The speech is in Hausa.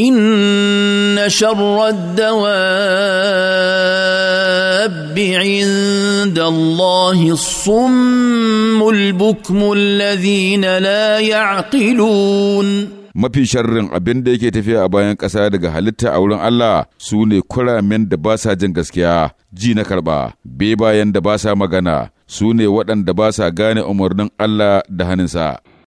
ان شر الدواب عند الله الصم البكم الذين لا يعقلون mafi sharrin abin da yake tafiya a bayan ƙasa daga halitta a wurin Allah su ne kuramen da ba sa jin gaskiya ji na karɓa be bayan da ba sa magana su ne waɗanda ba sa gane umarnin Allah da hannunsa